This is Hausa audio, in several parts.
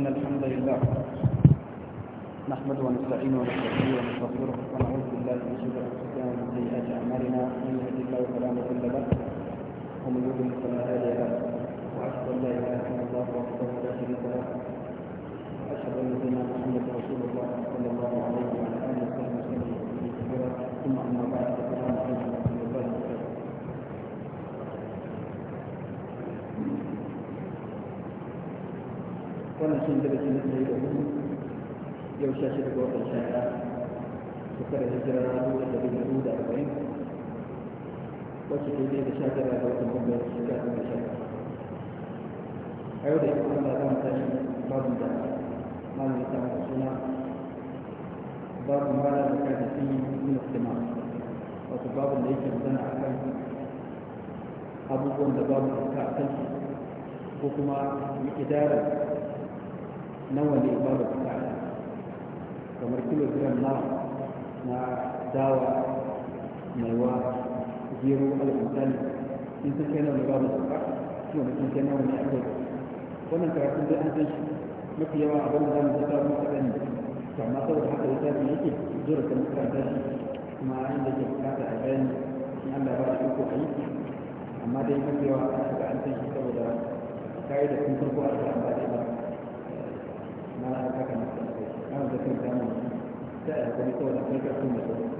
إن الحمد لله نحمد ونستعين ونستعين ونستغفره ونعوذ بالله من شرور أنفسنا ومن سيئات أعمالنا من يهد الله فلا مضل له ومن يضلل فلا هادي له وأشهد أن لا إله إلا الله وحده لا شريك له وأشهد أن سيدنا محمد رسول الله صلى الله عليه وعلى آله وصحبه وسلم ثم أما بعد السلام عليكم wannan cin daga cikin da yake yau sha shi daga watan sha ɗaya shekarar hijira na dubu da dubu da arba'in wacce ke da sha tara da wata watan bambar shekara da sha ɗaya a yau da ya kuma da zama tashi babin da malam ya samu suna babu mara da kai da sun yi nuna sima wato babin da yake magana a kan abubuwan da babu da ka a kansu ko kuma idara na wani ibada ta bukata kamar kilogram na na dawa mai wa gero alamisali in sun kai nawa ne ba da bukata kuma mutum kai nawa ne a kai wannan karatun da an san shi mafi yawa abin da zamu zata mu kaɗan ne to amma saboda haka ya tafi yake zura kan karanta shi kuma inda ke bukata a bayan in Allah ba shi ko ayi amma dai mafi yawa an san shi saboda kai da kun farko a da ba da mana aka kama da kai ta mu ta ya kuma kawai da kai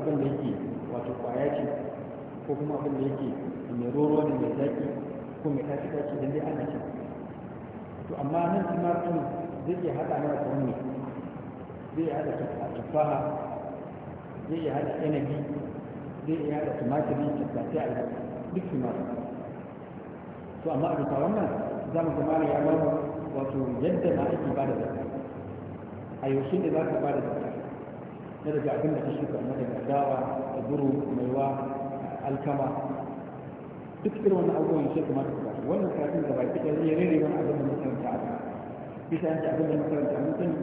abin da yake wato kwaya ce ko kuma abin da yake mai roro ne mai zaki ko mai tashi tashi don dai ana cin to amma nan kuma sun zai iya haɗa na da wani zai iya haɗa tufaha zai iya haɗa inabi zai iya haɗa tumatiri tattasai albasa duk tumatiri to amma a bisa wannan za mu zama ya bamu wato yadda na ake ba da zakka a yaushe ne za ka ba da zakka na daga abin da ta shuka na daga dawa da buru maiwa alkama duk irin wannan abubuwan shi kuma ta kuma wannan karatun da baki ɗaya ya rere wani abin da makaranta a kan bisa yanci abin da makaranta a sani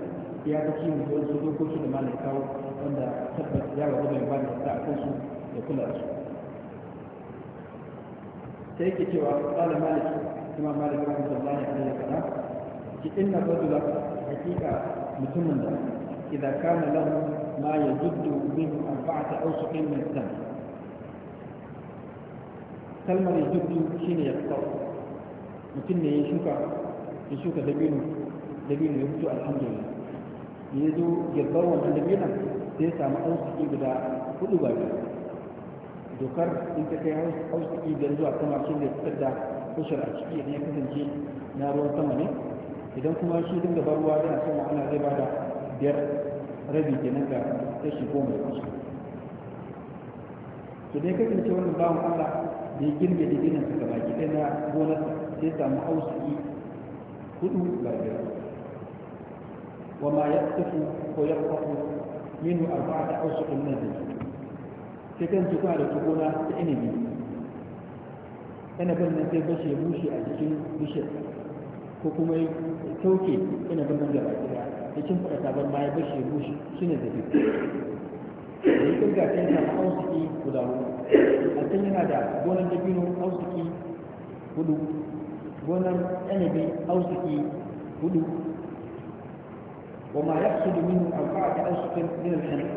ya fi kiwon da wasu dokoki da malai kawo wanda tabbas ya wajen mai bani da a kansu da kula da su sai yake cewa tsala malik kuma malik rahmatullahi da wa sallam ki inna da hakika mutumin da إذا كان له ما يجد من أربعة أوسق من السمع كلمة يجد شين يقطع ne ya دبين ya shuka dabino لله ya fito من ya ya bar wannan dabinon sai samu guda ba dokar in ta kai arziki biyar zuwa sama shi ne fitar da kushar a ciki ya kasance na ruwan sama ne idan kuma shi dinga bar ruwa yana sama ana zai bada biyar rabi kenan ga kashi goma da kashi to dai kasance wannan bawan Allah da ya girbe da ginin su gaba ki na gonar sai samu ausuki hudu ga biyar wa ma tafi ko yaqtafu minhu da Hausa min nan bayt sai kan kuma da gona ta inabi inabin nan sai bashi ya bushe a jikin bishiyar ko kuma ya sauke inabin nan gaba ɗaya ya cin fada tabar ma ya shi shi ne zafi, da yi kirga ta yana da auziki guda hudu a can yana da gonar dabino auziki hudu gonar yanabi auziki hudu ya يقصد kulawa da أوسق من الحنف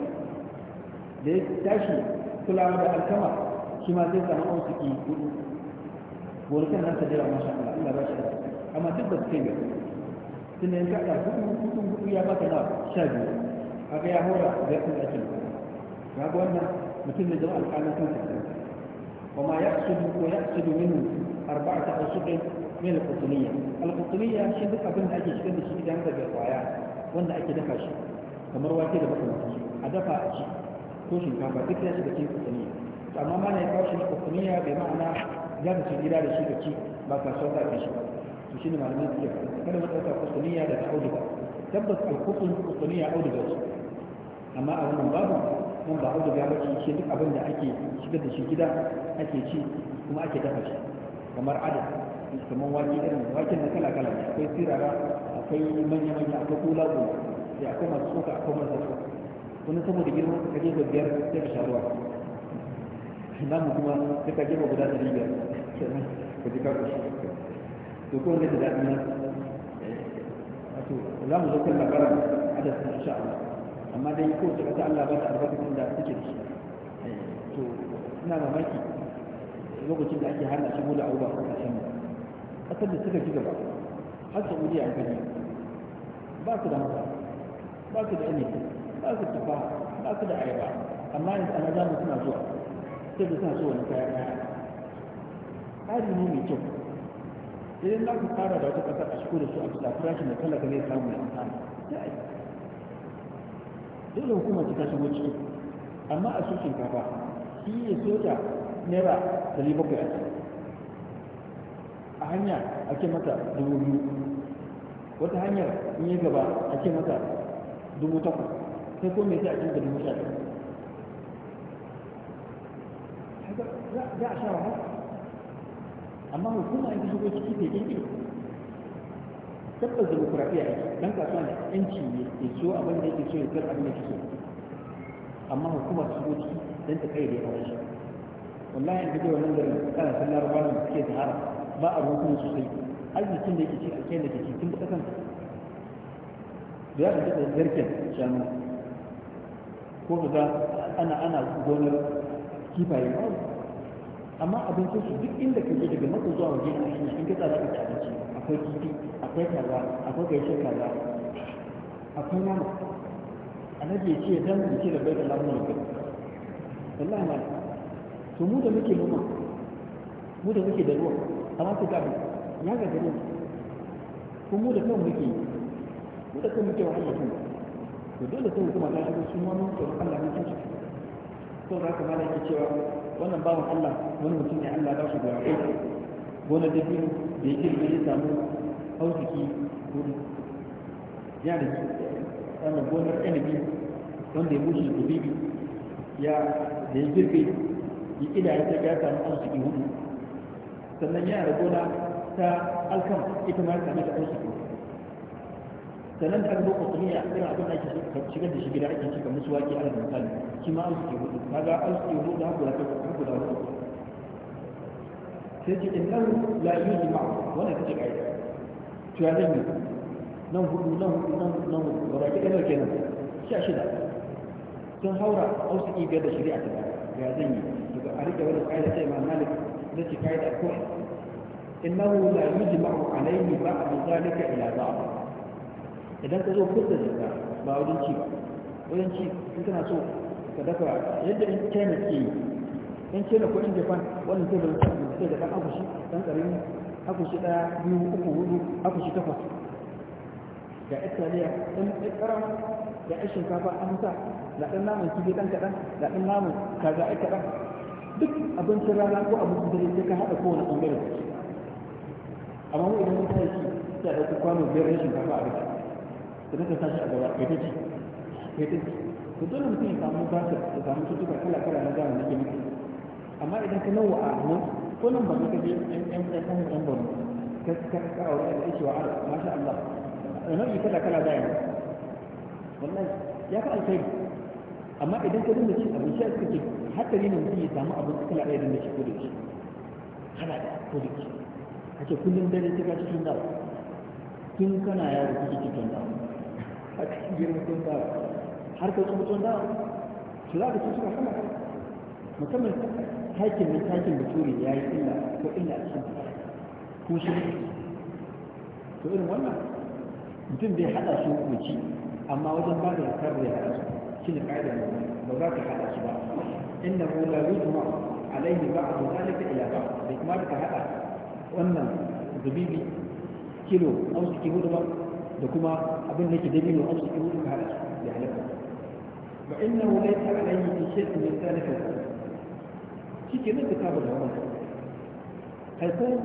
ليك تاشي كل عام الكمر كما تلك أنا أوسقي ولكن أنت جرى ما شاء الله إلا باشا أما تبدأ تكيبه tun yin kaɗa kudin kudu ya baka na sha biyu a ga ya hura ga kun ajin ga ga mutum ne zama alƙalin kan kudu wa ma ya sudu ko ya sudu min arba'a ta usudin min alƙutuniya alƙutuniya shi duk abin da ake cikin da shi idan da ga kwaya wanda ake dafa shi kamar wake da baka mutum a dafa a ci ko shinkafa ya shiga cikin alƙutuniya amma mana ya kawo shi alƙutuniya bai ma'ana ya ka ce gida da shi ka ci ba ka sauka ka shi to shine malamai suke kada mu dauka kusuniya daga auduga tabbas alkufun kusuniya auduga su. amma a wannan babu mun ba auduga ba ce shi duk abin da ake shigar da shi gida ake ci kuma ake dafa shi kamar adam kamar wake irin waken na kala kala akwai sirara akwai manya manya akwai kula ko sai akwai masu tsoka akwai masu tsoka wani saboda girma ka je ga biyar sai ka sha ruwa namu kuma sai ka je guda ɗari biyar ka ji ka to ko da na eh, mu insha Allah amma dai ko ta Allah ba ta da take da shi eh, to ina mamaki lokacin da ake hana a da suka gaba har gani ba su da mata ba su da ba su ba su da ayaba amma ana zamu suna zuwa sai da suna so wani kaya kaya ne mai kyau sai na ka fara da wata kasar a shigo da su a cikin farashin da talaka zai samu ya Sai dole hukumar ta shigo ciki amma a su shinkafa shi ne soja naira dari bakwai a ciki a hanya ake mata dubu biyu wata hanyar in yi gaba ake mata dubu takwas sai ko me sai a cikin da dubu sha ɗaya za a sha wahala amma hukuma in shigo ciki ta gefe tabbas demokuraɗiyya ne dan kasuwa ne yanci ne ya so abin da yake so ya kar abin da yake so amma hukuma ta shigo ciki dan ta kai da yawa. shi wallahi in gido wannan garin kana san larabawa da suke sahara ba a ruwan kuma sosai arzikin da yake ci a kyan da ke cikin kasan da ya da garken shanu ko ka ga ana ana gonar kifaye amma abincin su duk inda ka daga maka zuwa waje na shi in ka tsara ka abinci akwai titi akwai kaza akwai gaishe kaza akwai nama annabi ya ce dan ke da bai da lamun da wallahi ma to mu da muke noma mu da muke da ruwa amma ku gabi ya ga gari ko mu da kanmu muke mu da kanmu muke wahala kanmu to dole sai kuma ta shigo sun Allah ne ta ce to za ka ba cewa wannan bawan Allah wani mutum ne Allah ba shi da kai gona ta biyu da yake da ya samu auziki gudu ya da wannan gonar ɗanabi wanda ya bushe da bibi ya da ya girbe ya ƙida ya tafi ya samu auziki hudu sannan ya da gona ta alkam ita ma ya samu ta auziki sannan da aka zo kwataniya irin abin da ake shigar da shi gida ake cika musu waƙi ala mutane. shi ma hudu kaga alfi hudu har guda hudu sai ce innahu la yujma wannan kace nan hudu nan hudu nan hudu nan hudu kenan sha shida sun haura ausiki biyar da shari'a ta ga ya zan yi daga a rike wannan kaida sai imam malik da ce kaida ko innahu la yujma alayhi ba'd zalika ila ba'd idan ka zo kusa da ba wajen ci ba wajen ci in kana so sadaka yadda in china ke in china ko in japan wannan sai da sai da kan akushi dan karimi akushi da biyu uku hudu akushi takwas ga italiya dan karam da ɗan shinkafa an sa da ɗan naman kifi ɗan kaɗan da ɗan naman kaza ai kaɗan duk abincin rana ko abincin dare sai ka haɗa kowane ɓangare da shi amma mu idan mun tashi sai a ɗauki kwano biyar rashin shinkafa a rufe sai ka sa shi a gaba kai ta ci kai ta ci to dole mutum ya samu basa ya samu cutuka kala kala na zamu nake miki amma idan ka nawa a mu ko nan ba ka je yan yan yan kan yan ba ka ka ka aure da shi wa Allah masha Allah yi kala kala da yi wannan ya ka alkai amma idan ka dinga cin abinci a cikin hatsari ne mutum ya samu abin kala ɗaya dinga shi ko da shi kana da ko da shi a ce kullum dare ta gaci cikin dawa tun kana yaro kike cikin dawa a cikin girman dawa harkar tsohon dawa su za su ci suka kama mutumin takin nan takin da turi ya yi illa ko illa a cikin ko shi to irin wannan mutum bai haɗa su kuci amma wajen ba da zakar da ya haɗa su shi ne ƙa'idar ba za ka haɗa su ba inna ko la yujma alaihi ba'du zalika ila ba'd bai kuma ka haɗa wannan zubibi kilo ausu ki hudu ba da kuma abin da yake dabino ausu ki hudu ka haɗa su da halaka فإنه ليس عليه في شيء من ذلك الأمر كيف كذا كتاب العمر حيكون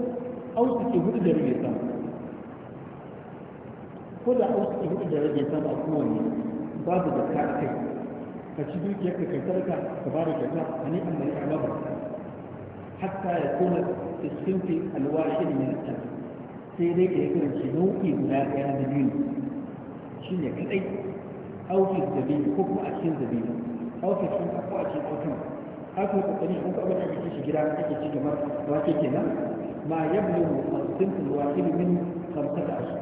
أوصف يهود جريء كل أوصف يهود جريء يسام بعد ذلك فشدوا كيف فتشدوك تبارك الله هنيئا من إعلامه حتى يكون في الصنف الواحد من الأمر sai dai يكون yi kiran هذا الدين. شنو ɗaya auki zabi ko kuma a cikin zabi auki cikin ko a cikin auki aka yi kokari an kuma aka ci gida ake ci gaba wace kenan ma yablu muqaddim al-wahid min khamsata ashhur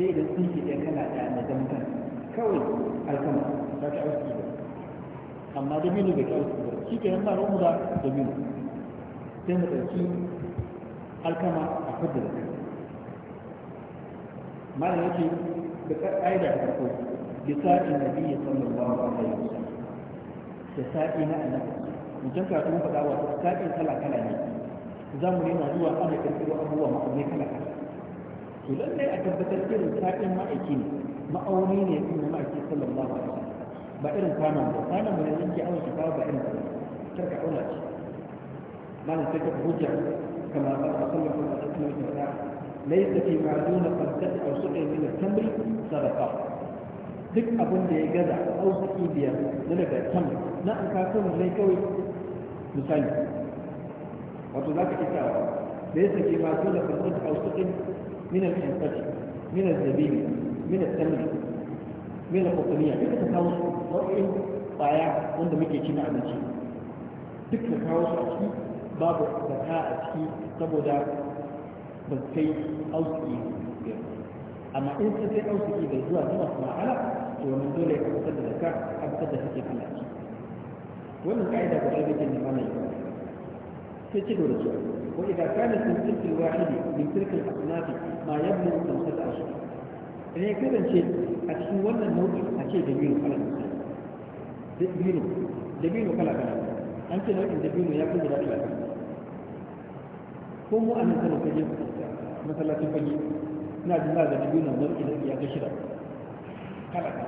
sai da sun ke ɗaya kana ɗaya na zamkan kawai alkama ba ta auki ba amma da minu bai auki ba shi kenan ma rumu da da minu sai mu ɗauki alkama a kudu da kai malam yake da ƙa'ida ta farko بساق النبي صلى الله عليه وسلم بساقي ما أنا mutum ka kuma faɗa wato saƙin kala kala ne Za zamu yana zuwa ana ƙirƙiro abubuwa ma'aunai kala kala to lallai a tabbatar irin saƙin ma'aiki ne ma'auni ne kuma ma'aiki sallallahu alaihi wasallam ba irin kwanan ba kwanan mai yanki awon shi ba irin ba kar ka auna shi malam sai ka hujja kama ba a sallar kuma a cikin wata laysa fi ma duna qad aw suqa min al-tamri sadaqa duk abin da ya gaza arziki biyar na daga can na an kasuwan ne kawai misali wato za ka isa da ya sake ma dole ka san ausukin min al minar min minar zabibi minar al minar min al-qutniya duk ka kawo su nau'in baya wanda muke cin abinci duk da kawo su a ciki babu zakka a ciki saboda ba kai ausuki biyar amma in ka sai ausuki bai zuwa zuwa ma'ana. domin dole ya fitar da zakka a fitar da take kan aiki wannan ka'ida da biyu ce da yi sai ci da su wa idan kana sun tilki wahidi min tilkal asnafi ma yablu kamsata ashar idan ya kasance a cikin wannan nau'i a ce da biyu kala da biyu da biyu kala kala an ce nau'in da biyu ya fi guda kala kala ko mu anan sanin kaje masallacin fage ina jin da biyu nan nau'i da ya ga shida talaka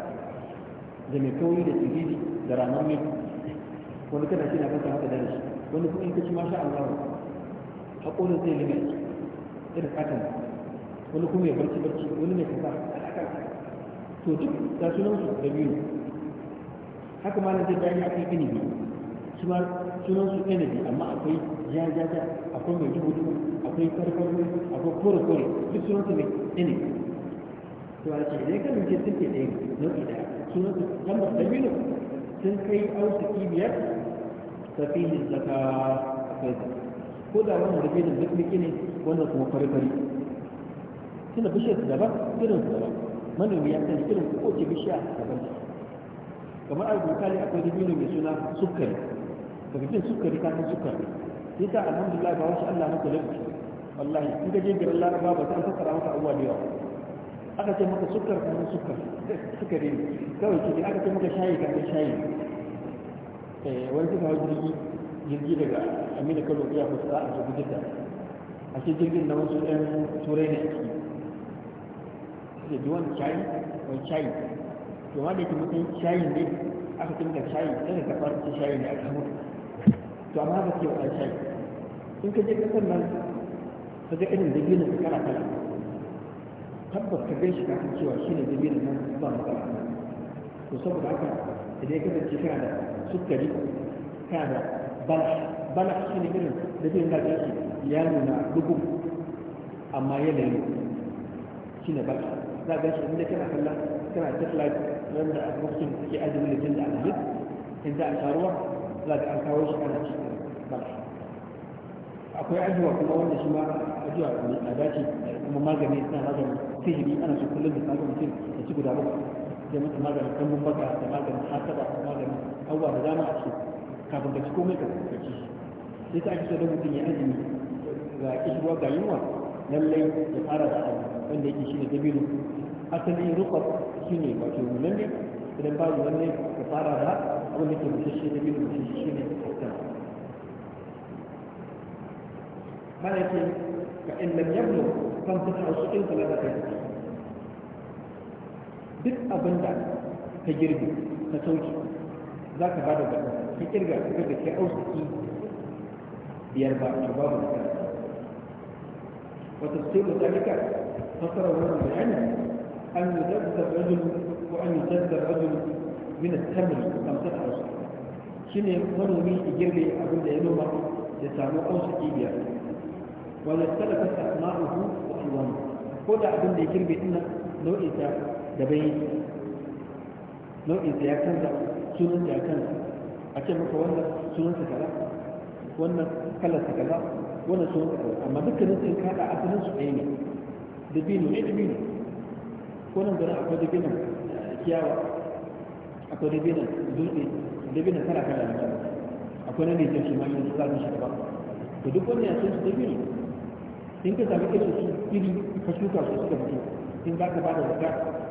da mai kauri da tsiriri da ranar mai wani kana shi na kasa haka da shi wani kuma in ka ci masha Allah a ƙonin zai lima ci irin katon wani kuma ya barci barci wani mai kasa to duk ga sunan su da biyu haka ma zai bayani akwai gini biyu su ma sunan su ɗaya ne amma akwai ja ja ja akwai mai dubu dubu akwai farfaro akwai kore kore duk sunan su ne ɗaya to a ce dai kan ce suke ɗaya nau'i da su na lambar dabino sun kai arziki biyar tafihin zaka akwai zaka ko da wannan dabino duk miki ne wannan kuma fari-fari suna bishiyar su daban irin su daban manomi ya san irin kowace bishiya daban kamar abu kali akwai dabino mai suna sukari daga jin sukari ka san sukari sai ta alhamdulillah ba wasu Allah maka lokaci wallahi in ka je garin Laraba ba ta an fassara maka abuwa da yawa aka ce maka sukar kamar sukar sukari kawai kiji aka ce maka shayi kamar shayi eh, wani suka hau jirgi jirgi daga amina kano ya fuska a jirgi ta a ce jirgin na wasu ɗan turai ne a ciki suke ji wani shayi wani shayi to ma da yake mutum shayi ne aka ce maka shayi ɗan ka fara ce shayi ne a kamar to amma ba ce wa shayi in ka je kasar nan ka ga irin da gina su kala kala tabbas ka gan shi ka san cewa shi ne jami'in nan ba matsala to saboda haka idan ya kasance kana da sukari kana da balash balash shi ne irin da zai ga gashi ya nuna dubu amma yanayin shi ne balash za a ga shi inda kana kalla kana tafla ran da lokacin da kake ajiye da jin da alhaji in za a sharuwa za a an kawo shi kana cikin balash akwai ajiwa kuma wanda shi ma ajiwa ne a dace kuma magani suna magani sihiri ana su kullum da magani mutum da ci guda bakwai sai mutum magani kan mun baka da maganin hasaba da magani abubuwa da dama a ciki kafin ka ci ko komai ka ci sai ta ake so don mutum ya azumi ga kishirwa ga yunwa lallai ya fara da abu wanda yake shi ne dabino asali rukwar shi ne wato lallai idan ba babu lallai ka fara da abin da ke mutum shi musasshe dabino shi ne mana yake ka in lam yablu kan ta tausu in kala da kai duk abinda ka girbi ka sauki za ka bada gaba ka kirga ka ga kai ausuki biyar ba to babu da kai وتفسير ذلك فسره ابن العلم أن يجذب رجل وأن يجذب رجل من التمر خمسة أوسق شنو manomi ya girbe abin da ya noma ya samu ausuki biyar wala salafat asma'uhu wa alwanu ko da abin da ya girbe ina nan nau'in sa da bai nau'in sa ya canza sunan ya canza a ce maka wannan sunan sa kaza wannan kalar sa kaza wannan sunan sa kaza amma dukkanin sun kada asalin su ɗaya ne dabino ne dabino ko nan garin akwai dabinan kiyawa akwai dabinan dutse dabinan kala kala ne akwai na ne shi ma shi ne za su shi ba to duk wannan ya sun su dabino in ka sami irin su iri ka shuka su suka mutu in za ka bada zakka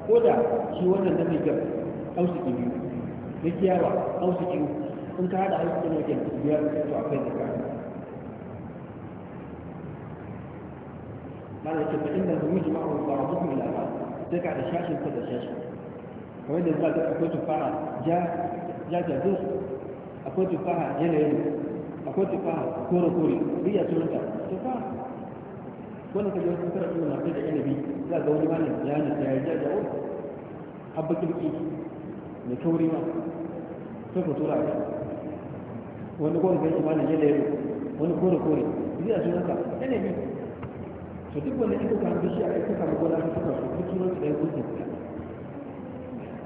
ko da shi wannan na mai gab ausiki biyu na kiyawa ausiki in ka hada ausiki na gyan biyar to akwai zakka mana ce ba inda zuwa jima'u ba wa mutum ila ba sai ka da shashin ka da shashin kamar da za ka akwai tufaha ja ja ja akwai tufaha yanayi akwai tufaha kore kore duk ya tunanta tufaha wannan kaje wasu kira ɗin na da inabi za ga wani wani ya ne ya ji da wani abba kirki mai tauri ma sai ku tura shi wani gwan kai wani ya da yaro wani kore kore zai a sunan ka inabi to duk wanda ita ka bishi a ita ka gona ta suka su duk sunan su ɗaya gudun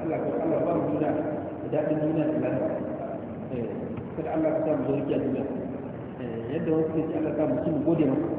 Allah ka Allah ba mu duniya da daɗin duniya da lafiya eh, kada Allah ka sa mu zo rikiya duniya eh, yadda wasu ke Allah ka mu ci mu gode maka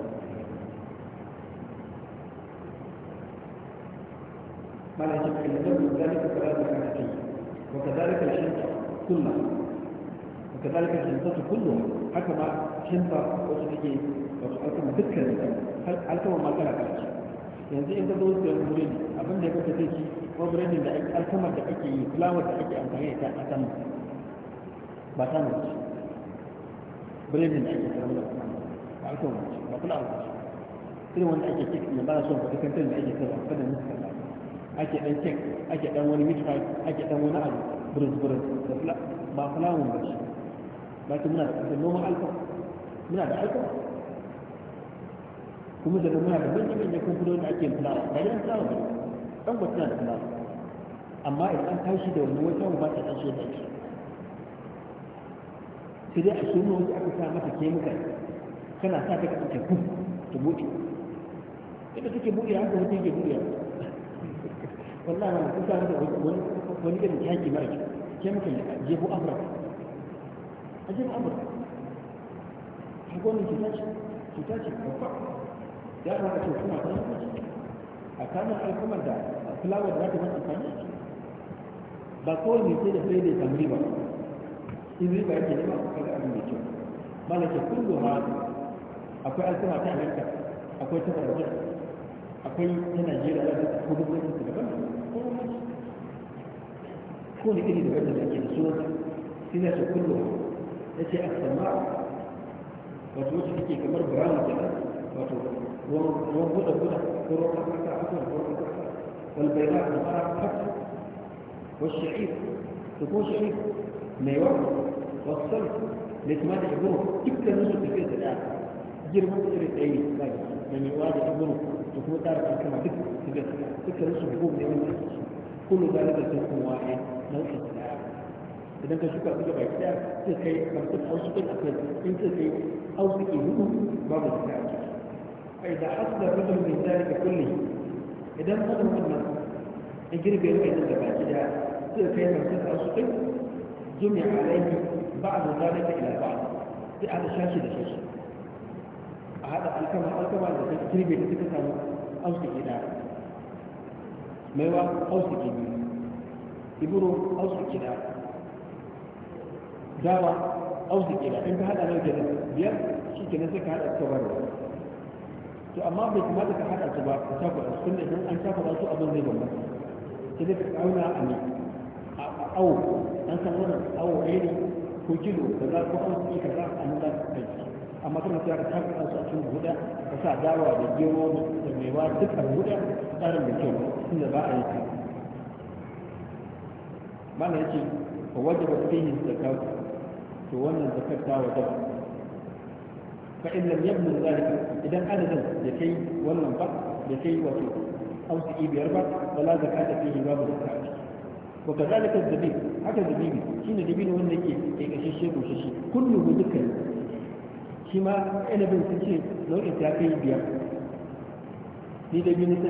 ما شك أن نبذل ذلك ثلاث كانتين وكذلك الشمس كلها وكذلك الشمس كلها حكما شمس وشبكي وشبكي ذكر هل كما ما كان كانت yanzu in ka zo da buredi abin da ya kasa ta ci ko buredin da ake alkamar da ake yi fulawar da ake amfani da ta a sama ba ta mace buredin da ake karamar da kuma ba alkamar mace ba fulawar mace irin wanda ake cikin da ba son fadikantar da ake kaza fadin musu kaza ake dan kek ake dan wani mitfai, ake dan wani abu burus burus da fula ba fulawun ba shi ba ki muna da kasar noman alkawar muna da alkawar kuma da muna da manyan manyan kamfanoni da ake fulawa ba gidan fulawa ba dan ba suna da fulawa amma idan an tashi da wani wata ba ta tashi da shi sai dai a shi mu aka sa mata kemikal kana sa ta ka ɗauke ta buɗe inda take buɗe haka wata yake buɗe wallahi na kusa da wani wani irin taki mara kyau chemical da jefo afirka a jefo afirka shi gwamnan cuta ce cuta ce babba ya kamata ce kuma ta lokaci a kamar alkamar da fulawar da za ta masu amfani ba kawai mai sai da sai da samu riba in riba yake nema a ga abin mai kyau malaka kullu ha akwai alkama ta amerika akwai ta faransa akwai na najeriya za ta ko duk wani daban ko ne iri da ake da su sai za su kullum ya ce a wato wacce take kamar brown kenan wato ruwan buɗa buɗa ko ruwan kasa ko ruwan kasa والبيضاء والقرع حتى والشعير تكون شعير ميوه والصلف لتمادي عبوه كيف كان نسو تفيد الآن جير مصر العيد من يواجه عبوه وكما تعرف كما ذكر في ذكر ذكر نصف من كل ذلك في تكون واحد نوصف العالم إذا كان شكرا بجبع الكتاب تلكي مرتب أو سكت أكثر إن تلكي أو سكي منه بعض الكتاب فإذا حصل رجل من ذلك كله إذا قد مهمة يجري بين بين الزباد إذا تلكي مرتب أو سكت جمع عليه بعض ذلك إلى بعض في هذا شاشه لشاشه a haɗa alkama alkama da ta kirbe ta ta samu gida mai wa ausiki gida iburo ausiki gida dawa ausiki gida in ka haɗa nan kenan biyar shi kenan sai ka haɗa ta bar to amma bai kamata ka haɗa su ba ta shafa su da idan an shafa su abin zai bambanta sai dai ka auna a ne a awo an san wannan awo ɗaya ne ko kilo kaza za ku suke kaza a nan za kai amma kuma sai ka tabbata su a cikin guda ka sa dawa da gero da mewa dukkan guda tsarin da kyau inda ba a yi ta mana yake ka wajaba fihin zakat to wannan zakat ta wajaba fa in lam yablu zalika idan adadin da kai wannan ba da kai wato ausi biyar ba wala zakata fihi babu zakat wa kadhalika zabib haka zabibi shine dabino wanda yake kai kashe shi ko shi kullu dukkan shi ma inabin su ce nau'in ta kai biyar ni da biyu na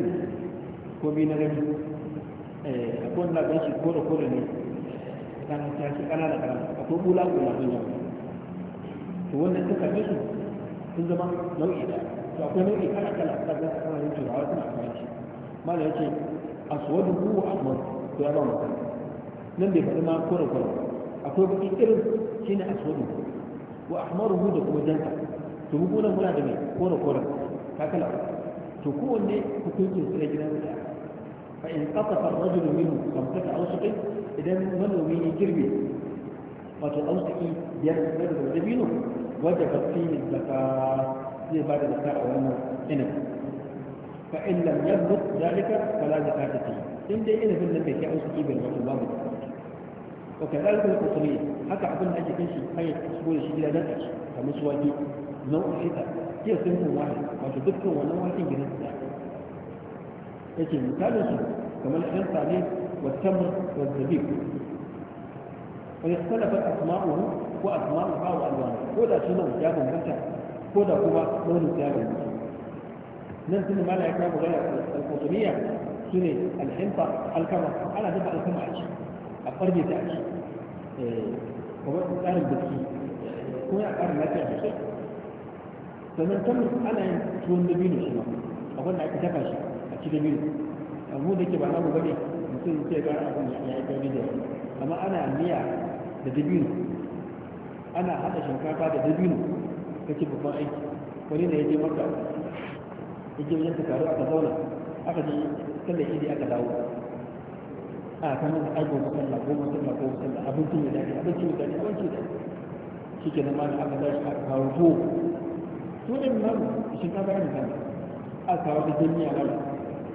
ko biyu na rabi a kowane na ganshi kore kore ne kanan ta shi kana a ko bula bula sun yau to wannan ta karbe su sun zama nau'i da to akwai nau'i kala kala ta ga kamar yin turawa suna amfani shi ma da malam ya ce aswadu huwa ahmad to ya ba mu nan bai faɗi ma kore kore akwai baki irin shine buwa wa ahmaruhu da kuma janta to mu gonan muna da mai kore kore ka kala to kowanne hukuncin sai gidan da fa in qatafa ar-rajulu minhu khamsata awsaqin idan manomi ya girbe wato awsaqi biyar da dabino wanda ba fi zakka zai ba da zakka a wannan inabin fa in lam yabut zalika fala zakata fi in dai inabin nan bai kai awsaqi bil mutum babu wa kadhalika al-qutri haka abin da ake kashi hayya tasbo da shi gida dan kashi kamar su wake nau'in shida sun kun wani wato dukkan wannan waken gidan su yake misalin su kamar ɗan sane wa tamr wa zabib wa yakhtalafa asma'uhu wa asma'uha wa alwanuhu ko da sunan ya bambanta ko da kuma launin ya bambanta nan tun mala ya sune al ana dafa al a a farge ta ake kamar tsarin biki eh, kuma a ƙarin lafiya da shi sannan tamus ana yin tuwon biyu shi ma a wanda aka dafa shi a ci dabino amma da ke ba namu bane mutum sai ga abin ya yi gari da amma ana miya da dabino ana haɗa shinkafa da dabino kake babban aiki wani ne ya je maka ya je wajen ka taru aka zauna aka je sallar idi aka dawo a kan ai gobe sallah gobe sallah gobe sallah abinci mai daɗi abinci mai daɗi abinci mai daɗi shi ke nan mana aka tashi a kawo to to ne mun shinkafa ne kan a kawo da jami'a ba da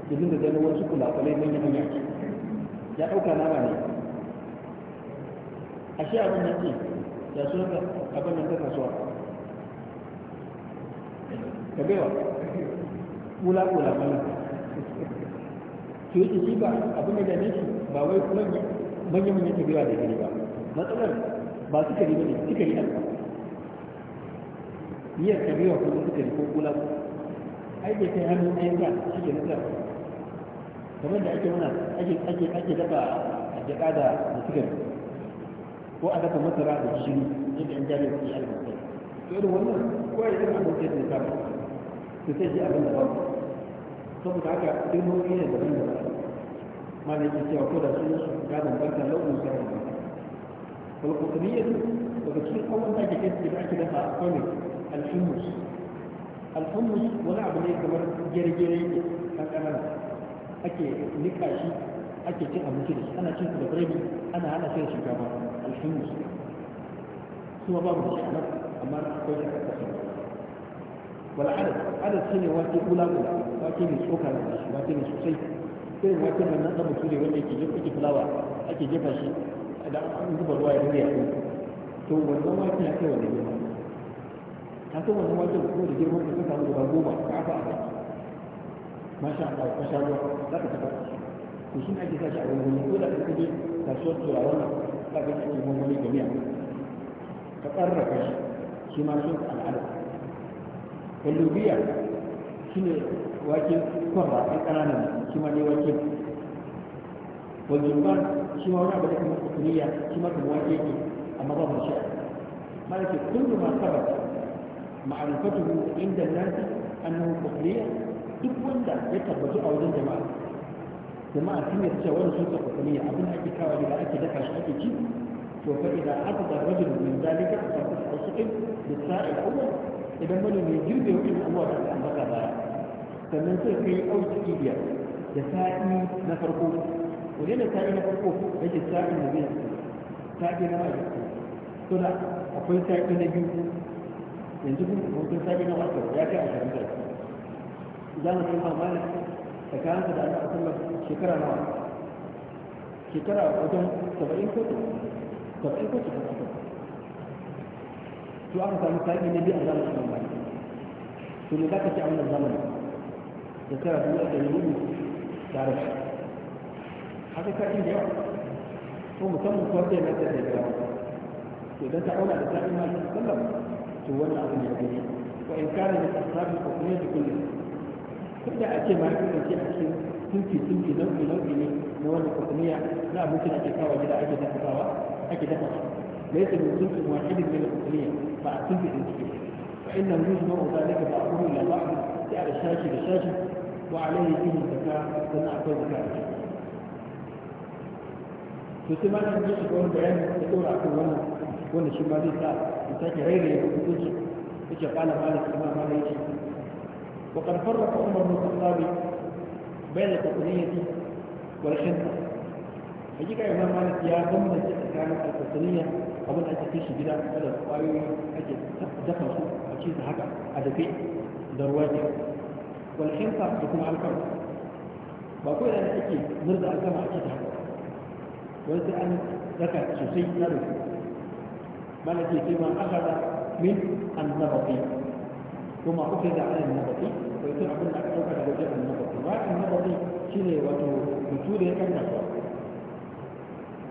jin da kula wasu ne ne ne ya ɗauka nama ne shi abin ya ce ya so ka abin nan ka kasuwa ka baiwa kula kula mana to yake shi ba abin da ne shi ba wai manyan manyan biya da gani ba matsalar ba suka yi bane suka yi alfa niyyar kabila kuma suka yi ko kula ai bai kai hannun ɗayan ka shi ke nasara kamar da ake mana ake dafa a jaka da suka ko a dafa masara da gishiri yadda an jami'a su yi albarkai to irin wannan ko ya irin abokai da ya samu su sai shi abin da ba saboda haka sai mun ne da daban daban ما يجي فيها كل شيء كان بنت لو من كان فالقطنية وبكير أول ما جت في بعد لها قمر الحمص الحمص ولا عبد الله كمان جري جري كان أنا أكيد نكاشي أكيد كذا مثلي أنا كنت بقريب أنا أنا كذا شو كمان الحمص ثم بعض الشباب أمر كذا كذا والعدد عدد سنة واتي أولى أولى واتي مش أوكا واتي مش سيف irin waken nan na mutu ne wanda ke jefa ake fulawa ake jefa shi da an zuba ruwa ya rage yaƙi to wannan waken ya kai wani girma ka san wani waken ko da girman ka samu guda goma ka afa a baki masha Allah ka sha ruwa za ka taɓa to shi ne ake sa shi a wani ko da ka je kasuwar turawan nan za ka ake gwangwani da miya ka tsarraka shi shi ma sun al'ada kallubiya shi ne wake kwarra ɗan ƙananan shi ma ne wake wajen shi ma wani abu da kuma kuniya shi ma kuma wake yake amma ba mu shi'a malaka kullu ma sabata ma'arifatuhu inda nasi annahu kuniya duk wanda ya tabbatu a wajen jama'a jama'a sun yi cewa wani sun tabbata kuniya abin ake kawo da ake daka shi ake ci to fa idan aka da rajul min zalika fa kusa da sa'i awwal idan wani mai girbe wani abuwa da aka ambata baya sannan sai ka yi arziki biyar da sa'i na farko wani da sa'i na farko da ke sa'i na biyar sa'i na ma jiki da akwai sa'i na biyu yanzu kun kuma sa'i na wata ya kai a karanta za mu yi mamala tsakanin da ana asallar shekara nawa shekara a wajen saba'in kotu saba'in kotu cikin asal su aka samu sa'i na biyar a zamanin mamala su ne za ka ci a wannan zamanin da tara dubu da ɗari hudu tare da haka sa'in da yawa ko musamman ko da yana da yawa to dan ta auna da sa'in ma ta sallam to wannan abu ne ake wa in kana da asabi ko kuma da kullu kada a ce ma kuma ce a cikin tunki tunki nau'i nau'i ne na wannan hukumiya na abincin da ake kawo gida ake dafawa ake dafawa ليس من جزء واحد من الأصلية فأعتمد الانتكاس فإنه يجمع ذلك بعضه إلى بعض على الشاشة للشاشة wa فيه الزكاة zakka sannan akwai zakka da to sai ma nan yake ga bayani da dora akan wannan wanda shi ma zai sa ya sake rairaye hukunci yake kala da imam malik yake wa kan farraqa umar bin khattab bayna taqniyati wal hinta hakika imam malik ya bambanta tsakanin al-qasaniya abin da ake kishi gida da kwayoyi ake dafa su a haka a dafe da ruwa ne والخنفة تكون على الفرد وكل أنا أكيد نرضى الجمع أكيد حقا ولكن أن ذكى سوسي نرو ما الذي فيما أخذ من النبطي ثم أخذ على النبطي ويتم أقول لك أو كذا النبطي ما النبطي كله وتو بطولة كم نفوا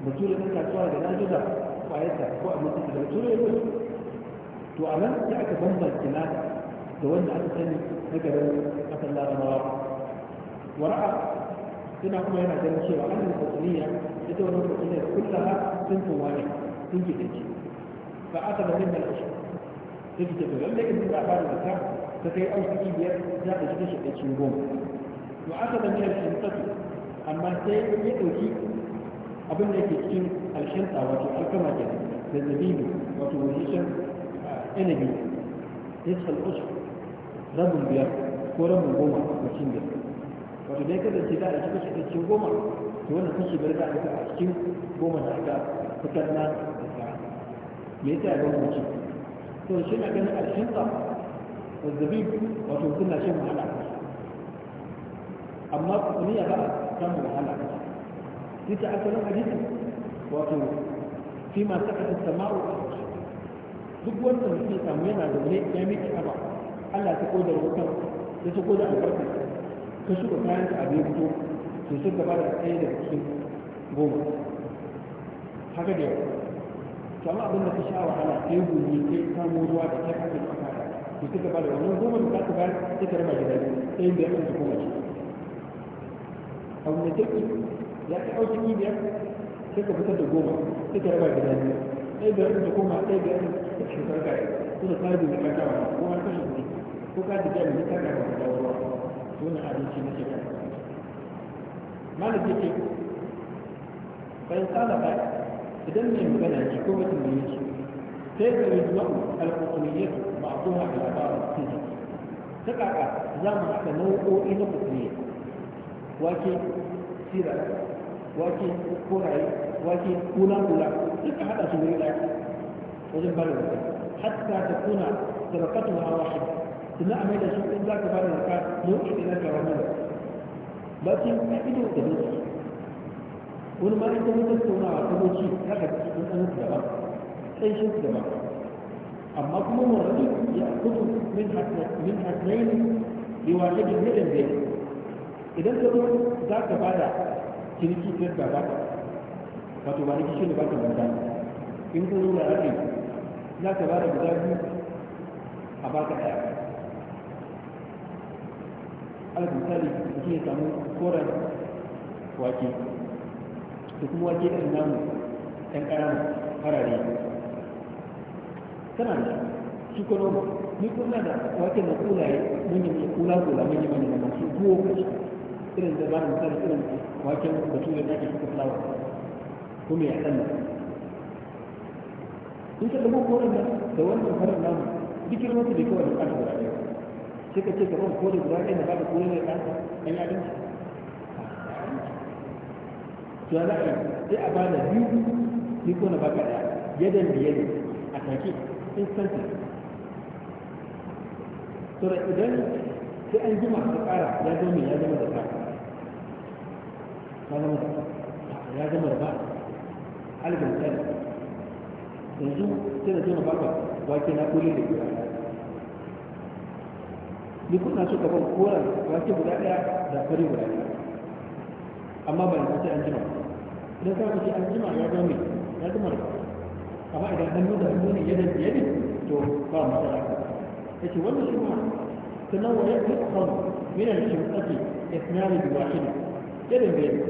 بطولة كم نفوا لنا جزء فأيسا فوق مطلوبة بطولة تو ألم تعك بمضى الكلام دولنا أتسني na garin larabawa wara'a suna kuma yana ganin cewa yi fasiliya ita wannan fasiliya kullaha sun kowa ne sun gidanci ba aka da rin malashi sai ki tafi lallai in ba ba da ta ta kai arziki biyar za ta shiga shekacin goma wa aka da minar shantatu amma sai ya ɗauki abin da yake cikin alshanta wato alkama ke da zabibu wato wajen inabi ya tsalƙusu rabin biyar ko rabin goma a cikin biyar wato dai kada ce za a ci kashi cikin goma to wannan kashi biyar za a a cikin goma da aka fitar na zakka me yasa ya gama mace to shi na ganin alhinsa zabi wato mutum na shan wahala amma ya ba a samun wahala sai ta asalin hadisin wato fi masu aka sama'u duk wanda mutum ya samu yana da wani ya miƙa ƙaba Allah ta koda wutar da ta koda albarka ta shuka kayan ta abin fito to sun gaba da tsaye da cikin goma haka da yau to amma abin da ka sha wahala sai gumi sai samu ruwa da kai haka da haka to sun gaba da wannan goma da za bayar sai ta raba ta sai da ta ɗauki goma ce da ta tafi ya ta ɗauki kibiyar sai ka fitar da goma sai ta raba ta ɗaya da ya ta goma ɗaya da ya ta shekar gaya kuma ta yi da ya ɗauki goma ta ko ka da jami'i ka da dawowa tona abinci na shekara malaka ce bai tsara ba idan mai magana ne ko mutum da yake sai ka yi zuwa alƙuƙuliyyar ba a kuma da labarin sun ta za mu haka nau'o'i na kusuriyar wake sira wake koraye wake kula-kula duka su wuri ɗaya wajen bada wata hatta ta kuna sadakatu hawa shida suna amai mai da shi in za ka fara zaka nau'i da zaka ramu ba su yi ido da doki wani ma ita mutum a ta doki haka cikin sanar da ba sai shi su ba amma kuma murari ya kudu min hasnaini da ne bai idan ka zo za ka fara ciniki ta da ba wato ba ni shi ne ba ka manta in ka zo da rafi za ka fara guda biyu a baka ɗaya ala misali mutum ya samu koren wake da kuma wake da namu ɗan ƙananan farare tana da shi kuma ni kuna da wake na kulaye manyan mai kula kula manyan manyan masu duwo kashi irin da ba da misali irin waken bature da ake suka fulawa ko mai yaɗan in ka ɗago koren da wannan farin namu duk irin wata da kawai da ƙasa da rayuwa sai ce gaban ko da guda ɗaya da ba da koyi ne ɗan ɗan abinci to za a sai a bada biyu ni ko na baka ɗaya yadan da yadda a take instanti to da idan sai an jima a ƙara ya zo ya zama da ƙara ya zama da ya zama da ba algan tsari yanzu sai da zama na baka wake na koyi da guda duk kuna so ka ban koran wake guda daya da fari guda daya amma ba da sai an jima idan ka kace an jima ya zama ya ga da amma idan hannu da hannu ne yadda da yadda to ba da ya yace wannan shi ma sannan wa ya fi kan minan shimfafi isnani da wahida yadda da yadda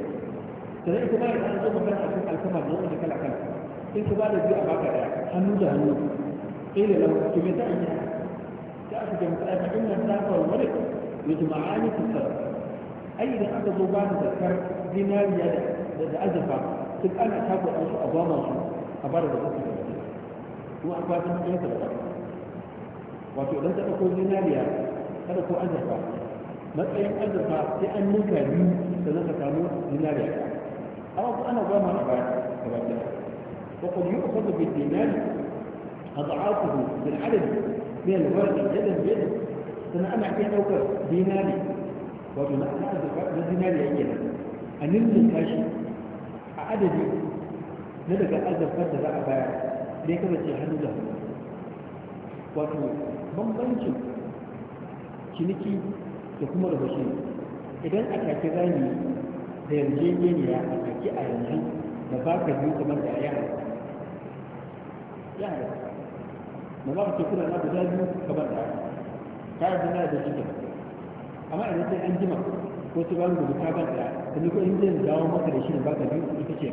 sannan ita ba da an jima kan akan alkama da wani kala kala in ka ba da biyu a baka ɗaya hannu da hannu ƙila lau to me za a ذاك جمعان فإن الذات والملك يجمعان في السبب أي أن ضبان ذكر دينار يدا إذا أزفا تبقى أنا أتابع أشو أباما شو أبارة ذاك هو أقوات مجلسة بطاقة wato idan ta ɗauko zinariya ta ɗauko azurfa matsayin azurfa sai an ninka biyu sannan ka samu zinariya amma ko ana ba mana baya gaba ɗaya wa kuma yi ukwai da dinari a tsa'akuhu bil adadi من الورق جدا جدا sannan ana iya ɗaukar dinari wato na ana azurfa na dinari a nillin a adadi na daga azurfar da za a bayar da ya kasance hannu da hannu wato bambancin ciniki da kuma da idan a take zani da yarjejeniya a kake a yanzu da ba ka biyu kamar da ya yara da za ka ce kuna na guda biyu ka ban da ka yi zana da jikin amma idan sai an jima ko ta ba rubuta ban da ta ni ko in zai dawo maka da shi da baka biyu ita ce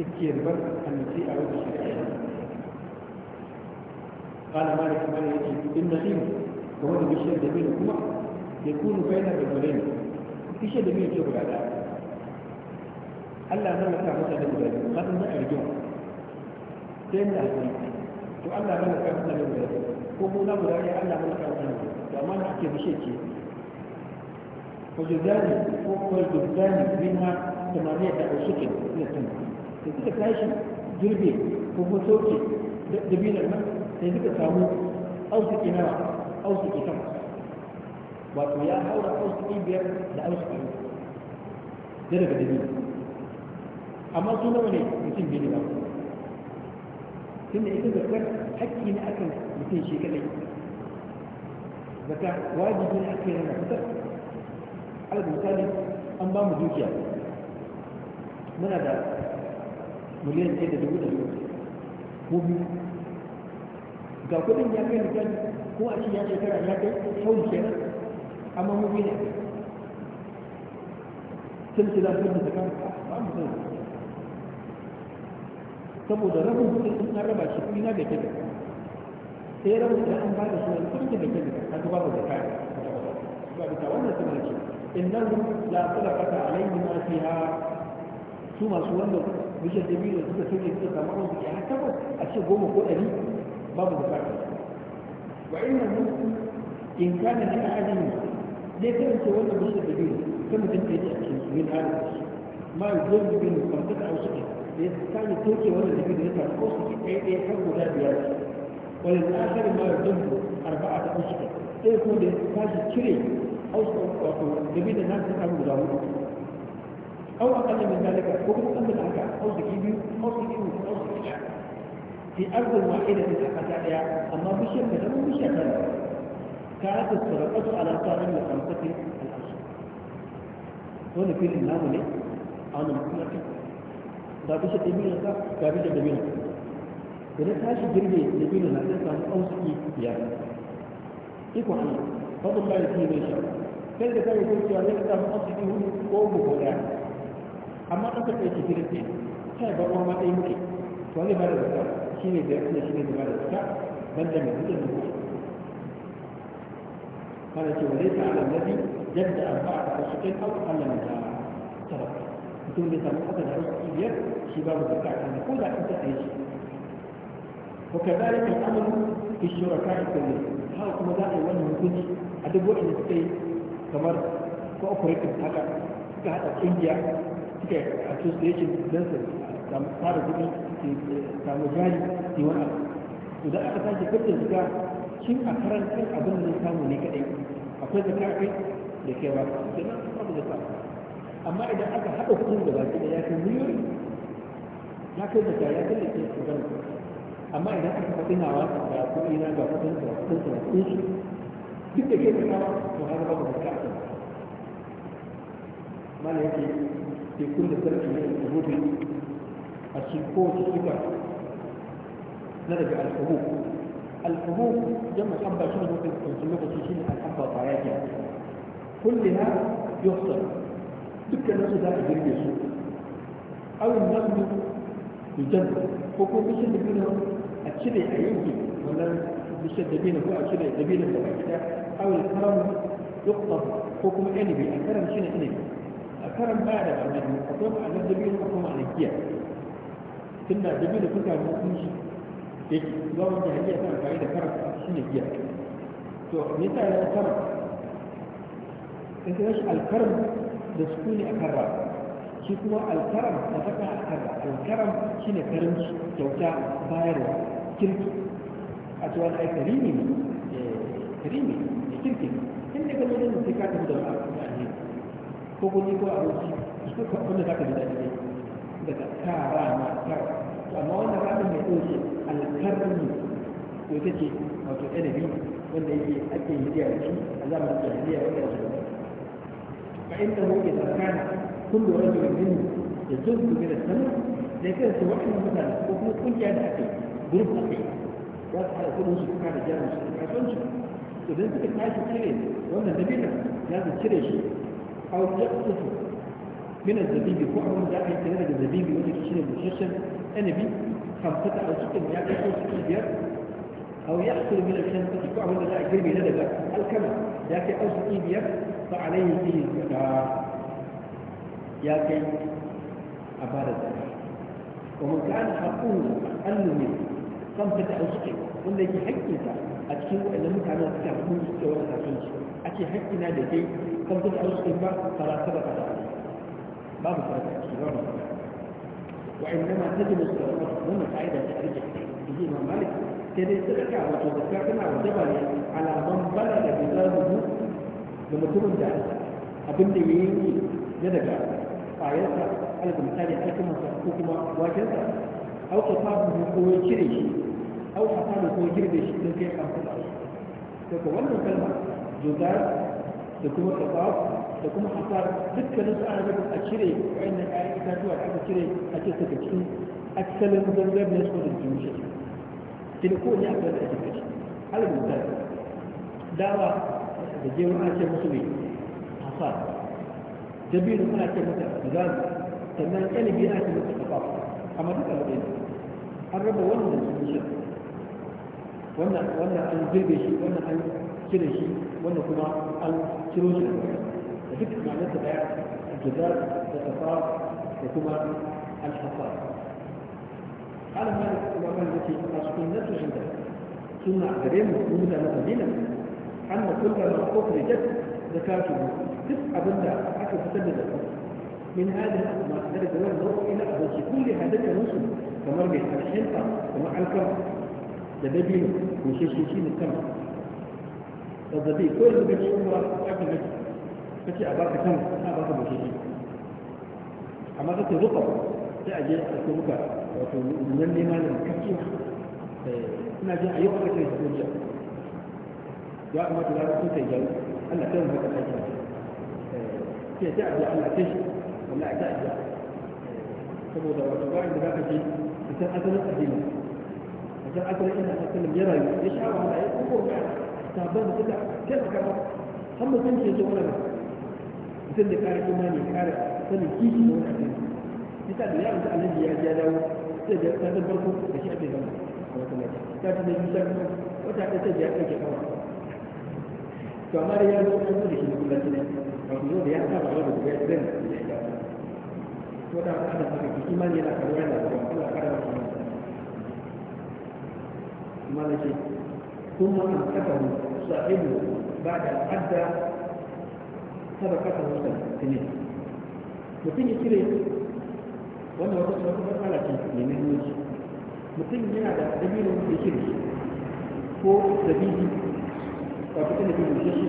ita ce ribar annabi a wata shari'a قال مالك مالك النخيل وهو بشير دبيل كما يكون بين الرجلين بشير دبيل كبر على Allah zama ta mutane guda biyu, kasan na ƙarfi, sai da a to Allah mana kan sanin da ko mu na guda ne Allah mana kan sanin da amma na ake bishe ce ko jizani ko ko jizani bima tamaniya da usuke ne tun sai suka tashi girbe ko ko soke da binar nan sai suka samu ausuki nawa ausuki takwas wato ya haura ausuki biyar da ausuki uku da daga dabi amma su nawa ne mutum biyu ne ba tun da ita zakar hakki ne akan mutum shi kadai zaka wajibi ne ake yana fitar alal misali an ba mu dukiya muna da miliyan ɗaya da dubu da dubu ko biyu ga kuɗin ya kai misali ko a ce ya shekara ya kai hauli kenan amma mu biyu ne sun ce za su yi da zakar ba mu sani saboda rabin kudin sun an raba shi kuɗi na da kyau sai rabin da an da shi wani kudin da kyau a zuba ba da kaya ba bisa wannan suna ce innahu la sadaqata alayhi ma ha su masu wannan bishin da biyu suka soke suka samu abin da ya tabbas a ce goma ko ɗari babu da kaya wa inna in kana da adami zai karanta wannan bishin da biyu sai mutum ya ji a cikin yin adalci ma yuzon bin kamtata a wasu كان تركيا هو اللي بيجي يطلع الاسر في اي حرب ولا بيعرف وللاخر ما يضمه اربعه اسر يكون الانتفاضه تشري او تبيد الناس تتعب مزاولة او اقل من ذلك وقت ام الاعداء او تجيبي او تجيبي او تجيبي في ارض واحده في الحقائق اما مش يمكن مش يمكن كانت السرقه على طارئ لخمسه الاسر هنا في الامام ليه؟ ka fi shi ka ka shi da na girbe dabino na ba samu auski ya iko shi zai kai da kare kai cewa zai samu auski ko buku daya amma an ka tsaye cikin kai ba uwa ma muke to ba da zaka shi ne da ya shi ne da ba da zaka ta mutum da samu aka da rasu biyar shi babu zakka a kan ko da an ta haka kuma za a yi wannan hukunci a duk wanda suka yi kamar cooperative haka suka haɗa ƙungiya suka yi association don su samu samu jari su wani abu to da aka sake fitar zuga shin a karantar abin da samu ne kaɗai akwai zaka da da amma idan aka haɗa kuɗin da baki da ya kai miliyoyi ya kai da ya kai da ke kuɗin amma idan aka faɗi nawa ga kuɗi na ga kuɗin da kuɗin da kuɗin su duk da ke kawo to har ba da ka mana yake ke kulle sarki ne da rubi a cikin kowace sifa na daga alfahu alfahu jama'a abba shi ne mutum da lokaci shi ne al'abba ba ya ke kullum يحصل dukkanin nasu za a girbe su awin nasu hujjan ko ko bishiyar dabino a cire a yanki wannan bishiyar dabino ko a cire dabino da baki da awin karamu yuktar ko kuma inibi a karan shi ne inibi a karan baya da barnani akwai ma'anar dabino ko ma'anar giya tunda dabino kuka mu kun shi yake ba wanda hanyar ta amfani da karan shi ne giya to me yasa ya karan in ka shi alkaran da su ne a kan rabu shi kuma alkaram da faɗa a kan alkaram shi ne karanci kyauta bayarwa kirki a cewa aika rini ne eh, rini ne kirki in da gano da sai ka tafi da wani ko kuɗi ko abinci ko abin wanda za ka ji daɗi daga kara na kara amma wannan rabin mai ɗauke alkarni ko ita ce wato ɗanabi wanda yake ake yi da shi a zamanin jahiliya wanda ya فإنه إذا كان كل رجل منهم يجوز من السنة لكن سواء مثلا وكل كل جاد أكل جروب أكل za su haɗa kudin su ka da jarin su da kasuwanci idan suka tashi cire wannan dabila za su cire shi a wajen kusu ko abin da aka yi tare daga zabibi wanda ke shine busasshen anabi kamfata a ya kai kusa cikin biyar a wajen kusu minan shan ko abin da za a girbe na daga alkama ya kai kusa cikin biyar فعليه فيه الزكاة يا كي أبار الزكاة ومن كان حقه أقل من خمسة أشقي wanda yake haƙƙinsa a cikin waɗannan mutane da suka hukunci suke wani kafin shi a ce haƙƙina da kai kan kuka ausukin ba fara saba ka da babu sarka shi ba ba wa inda ma ta jini suka rafa wannan ka'ida ta arke da ji ma malik sai dai suka ka wato da ka tana wa jaba ne alaman bala da bi za mu da mutumin da abin da ya yi na daga ƙwayarsa alga misali alkamarsa ko kuma wakensa au ka fadu ko ya cire shi au ka fadu ko ya girbe shi don kai amfana shi daga wannan kalma jogar da kuma kafa da kuma hasar dukkanin su ana nufin a cire wa'annan ƴaƴan itatuwa da aka cire a ce suka cikin asalin zangar ne su da jimshi tilko ne a kan da ake kashi alal misali dawa الجيم على شيء مسلي حصاد جبين على شيء مسلي تمام كان بينا شيء أما ده كان الرب وانا نشوف وانا وانا الجلب شيء وانا الشيء شيء وانا كنا الشروج لكن معناته تبع الجزاء والحصاد وكما الحصاد قال مالك وقال لك أشكو نفسه عندك ثم أعلم مدينة an da kunta da kofar jet da kafin duk abin da aka fitar da zafi min hadin ma da da wannan nau'i na abin shi kulli hadaka musu kamar mai karshen ta kamar alkan da dabino ko shi shi ne kan da zabi ko da kake kuma kake da kake a baka kan a baka mutum shi amma kake rufa sai a je a kai ruka wato nan ne ma da kake eh ina jin ayyuka da ya kamata da sun ta eh, Allah eh, ta mu ka ta ke ta abiya Allah ta shi a ta abiya saboda wato ba inda zaka ji san asalin addini san asalin a asalin ya rayu ya sha wahala ya kuma ga sabon da suka taimaka ba har mutum ke ce wannan mutum da kare imani kare sanin kishi da wannan addini bisa da yaron da annabi ya dawo sai da ta farko da shi ake zama a wata lafiya ta ta da bisa wata ta ce da kawai to amma da ya zo an zo da shi kuma ne ba ku zo da ya saba ba da ku ga zan da ya ko da ka da saka ki imani yana karuwa yana da Allah kada wa shi kuma da shi kuma an kafa mu sahibu ba da adda kada kafa mu da tuni mutum ya kire wannan wata wata matsala ce ne mai mutum yana da dabino da shirki ko dabihi wato ina bin shi shi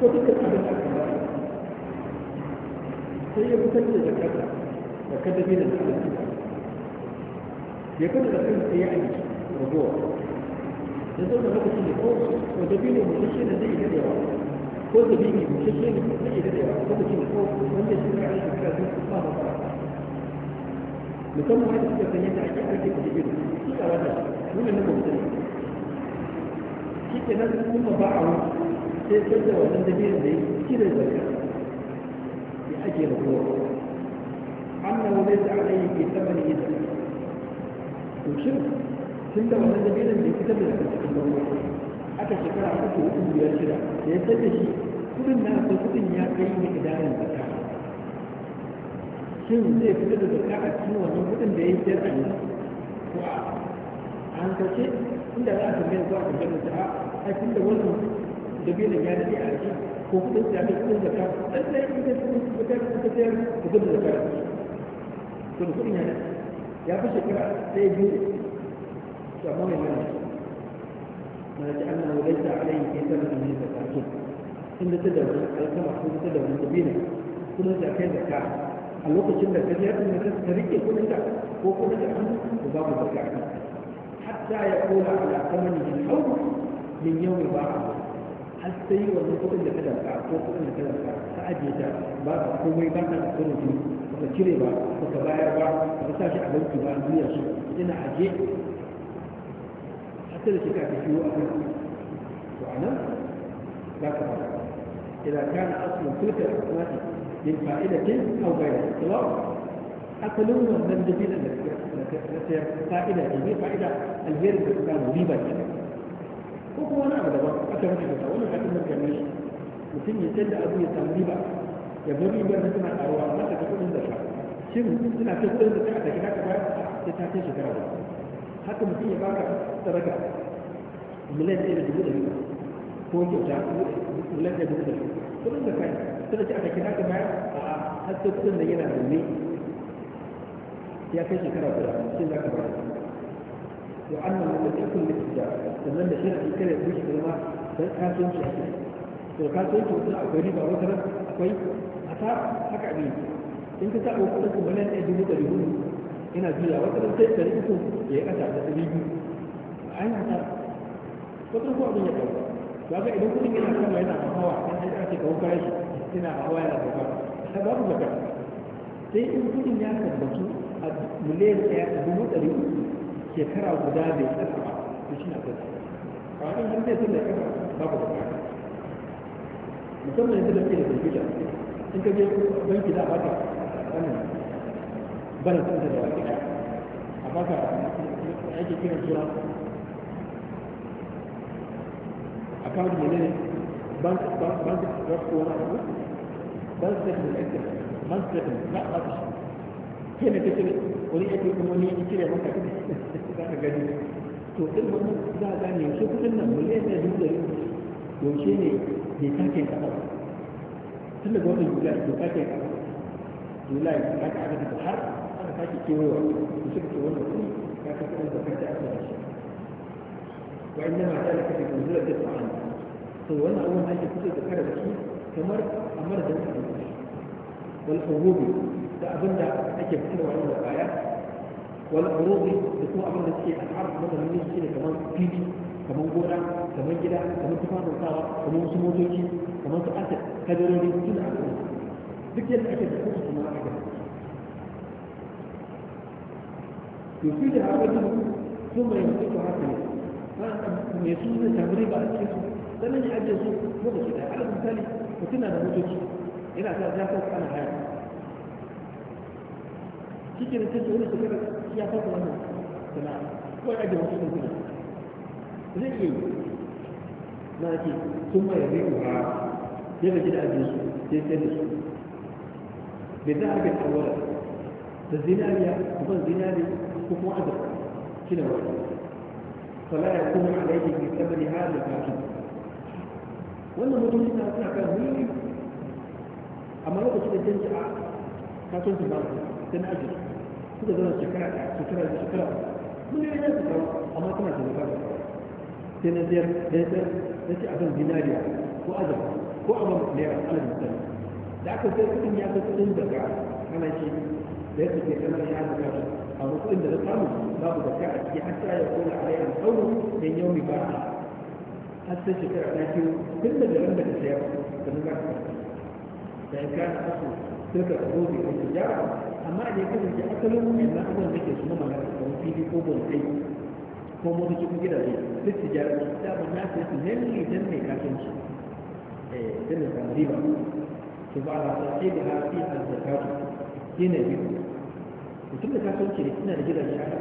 ko duka abin da aka ba sai ya fitar da zakata da kada bi da zakata ya kada da kan sai ya aiki ragowa ya zo da lokacin da ko ko da bi ne mutum shi ne zai yi da ko da bi ne mutum shi ne zai yi da yawa lokacin da ko wanda shi ne a yi shekara zai fi ba. fara musamman wanda suka sanya da ake aiki da ido shi a wata nuna na mutum shi ke nan kuma ba a wani sai sai da wannan biyan da ya cire zakka ya ake da kowa yi laysa alayhi fi da idda to shin tun da wannan biyan da ya fitar da zakka cikin bango aka shekara yi uku biyar shida da ya sanya shi kudin na sai kudin ya kai ne idanun zakka shin zai fitar da zakka a cikin wannan kudin da ya fitar da ko a an kace inda za a tambaye zuwa ga ganin ta a cikin da wannan da ya rike a ciki ko kuma da ta kudin da ka dan da yake da kudin da ta ta ta ku kudin da to da kudin ya fi shekara sai biyu to amma mai mana mana ji Allah wa laisa ke zama da ne da kake da ta da wani alkama ko ta da wani dabina kuma da kai da a lokacin da ka je ka rike kudin da ko kudin da ko ba ku a ka hatta ya kola ala kamani ya hau min yau ba a har sai wannan kuɗin da ka danka ko kuɗin da ka danka ka ajiye ta ba ka komai ba ka da kuɗin su ka cire ba ka bayar ba ka sa shi a banki ba ka a إذا كان أصل تلك الأسماء من أو غيرها سواء أكلون من ka sayar fa'ida ce ne fa'ida alherin da ka samu riba ce ko kuma wani abu daban aka mace wani da kamar shi mutum ya sayar da abu ya samu riba ya bar ribar da tana ƙaruwa za ta ga da ka shin suna kai da ka a tafi haka ba sai ta kai shekara ba haka mutum ya baka sadaka miliyan ɗaya da dubu ɗari ko kyauta miliyan ɗaya da dubu ɗari kuɗin da kai sai da a tafi haka ba a kuɗin da yana da ne ya kai shekara guda shi za ka to wa annan da cikin da sannan da shi ne kare da ma dan kasuwanci cikin to kasuwanci wata akwai riba wata akwai ta haka abin in ka saba kuɗin ku bane ɗaya dubu ɗari hudu ina juya wata ran sai ɗari uku ya yi ƙasa da ɗari biyu an haka wata ko abin ya kawo ba ga idan kudin yana kama yana hawa in an ka kawo kayan shi yana hawa yana kawo ba babu zakar sai in kudin ya tabbatu a miliyan ɗaya a dubu ɗari shekara guda bai ƙasa ba to shi na ƙasa a wani har zai sun da babu da ƙasa musamman yanzu da ke da kwamfuta in ka je banki za a baka wannan bana sun da wani ɗaya a baka ake kiran sura account menene bank bank bank ko wani abu bank statement bank statement na ba ta shi sai da kake wani ake kuma ne in cire maka za ka gani to din mun za a ne shi kudin nan mun yana da dubu dari shi ne da take ka ba tun daga watan julai bai ka kasa julai ka ka aka tafi har ka sake kewayewa su shi ke wannan kudi ka ka kudin da kanta aka da shi wa inna ma ta laka bi munzila da ta'an to wannan abun da ake fito da kare da shi kamar a mara da wani wal hububi da abin da ake fitarwa da baya wani urubi da kuma abin da suke al'ar da mun shi ne kamar fili kamar gona kamar gida kamar tufafin sawa kamar wasu motoci kamar su asir kadarori su da al'umma duk yadda ake da kuma kuma aka yufi da haɗin sun mai mutu ko haka ne mai su zai samu ba a cikin su sannan ya ajiye su ko da su da alal misali mutum na da motoci yana sa ya sa ana haya تجي تجي هنا تجي سياسات الامور تمام ويجي مخصوص الجنة زي إيه؟ ما يجي ثم يبيعها يبقى جدا أجلس يجلس بذهب الأول الزنالية تظن زنالي تكون أدرى كذا وقت فلا يكون عليه في ثمن هذا الفاكهة وأنا مدير هنا أثناء كان مين أما لو كنت أجلس كاتون في بعض كان أجلس suka zama shekara da shekara da shekara mun yi yanzu kawo amma tana da zakar sai na ziyar da ya na ce abin zinariya ko azab ko abin naira ala misali da aka sai kudin ya ga kudin daga ana shi da ya fice kamar ya zaka ta amma kudin da na samu babu zakka a ciki har sai ya kula alai an tsauro dan yau mi ba har sai shekara ta biyu tun da garin da ka sayar da na zaka ta in kana asu sai ka zo da kudin jara amma da ya da asalin na abin da ke suna magana kamar fili ko ban kai ko motocin gidaje duk tijarar da ban na sai su lalle dan mai kafinci eh dan mai riba to ba la sahibi ha fi al-zakat yana bi mutum da kafinci ne ina da gidaje ana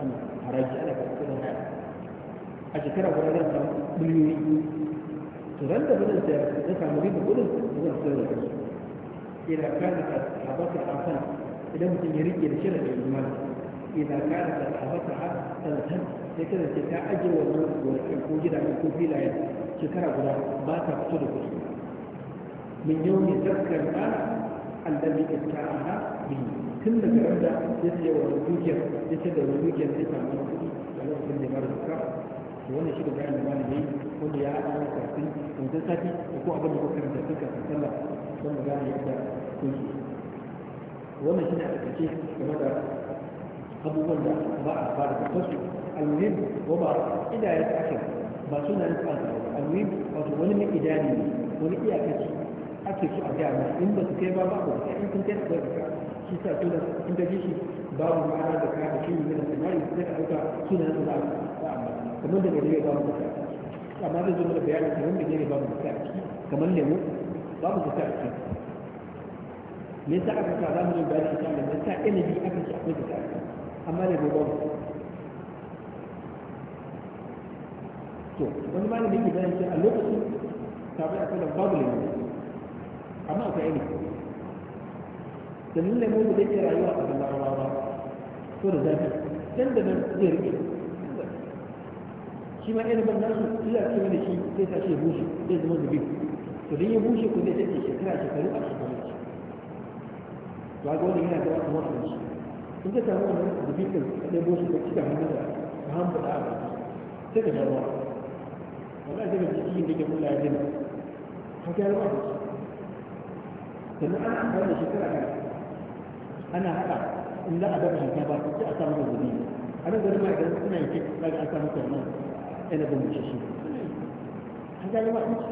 ana haraji ana kudin haya a shekara guda zan samu miliyoyi to ran da bazan da zan samu riba kudin zan sayar da kasu إذا كانت صحابتها حسنة إذا مثل يريد يرشد الإيمان إذا كانت صحابتها حسنة لكن تتاع والوجود أن يكون في لا شكرا بلا ما تقتل من يوم تذكر الآن الذي ابتاعها به tun daga yadda ya ce wa dukiyar ya ce da dukiyar a da ya mara shi da bayan da malami wanda ya haɗa wani kafin wancan sati ko abin da kuka karanta suka sallah don mu gane yadda kuke wannan shi ne a ƙarshe game da abubuwan da ba a fara da kasu almuhim ko ba idaya ta ake ba suna yin tsaka wato wani mai idani ne wani iyakaci ake su a gaya masu in ba su kai ba ba ko in sun kai su ka shi sa suna in ka shi babu ma'ana da kaya da shi ne na sanari sai ka suna yin tsaka kamar da gari ya ba mu da amma zai zo mana bayanin kamar da gari ba mu kamar lemu babu zakka a cikin me yasa aka sa za mu yi bayani akan da yasa ilimi aka ce akwai zakka a cikin amma da gobe to wani malami ke bayan ce a lokacin kafin a kada babu lemu amma akwai ilimi sannan lemu da yake rayuwa a kan larabawa ko da zafi dan da nan zai rike shi ma ilimin nasu ila ce wani shi zai tashi bushe zai zama zubi to ya bushe ko ya take shekara shekaru a shekaru ce to ga wannan yana da wata mutum shi in ka samu wannan dubikan a ɗaya bushe ka cika hannu da hannu da a baki sai ka sha ruwa wannan zai ga jikin da ke kula ya jina ka ga ruwa da shi sannan ana amfani da shekara kan ana haɗa in za a dafa shinkafa sai a samu da zubi a nan gari ma idan suna yin kek za a samu kwanan yana da bushe shi ka ga ruwa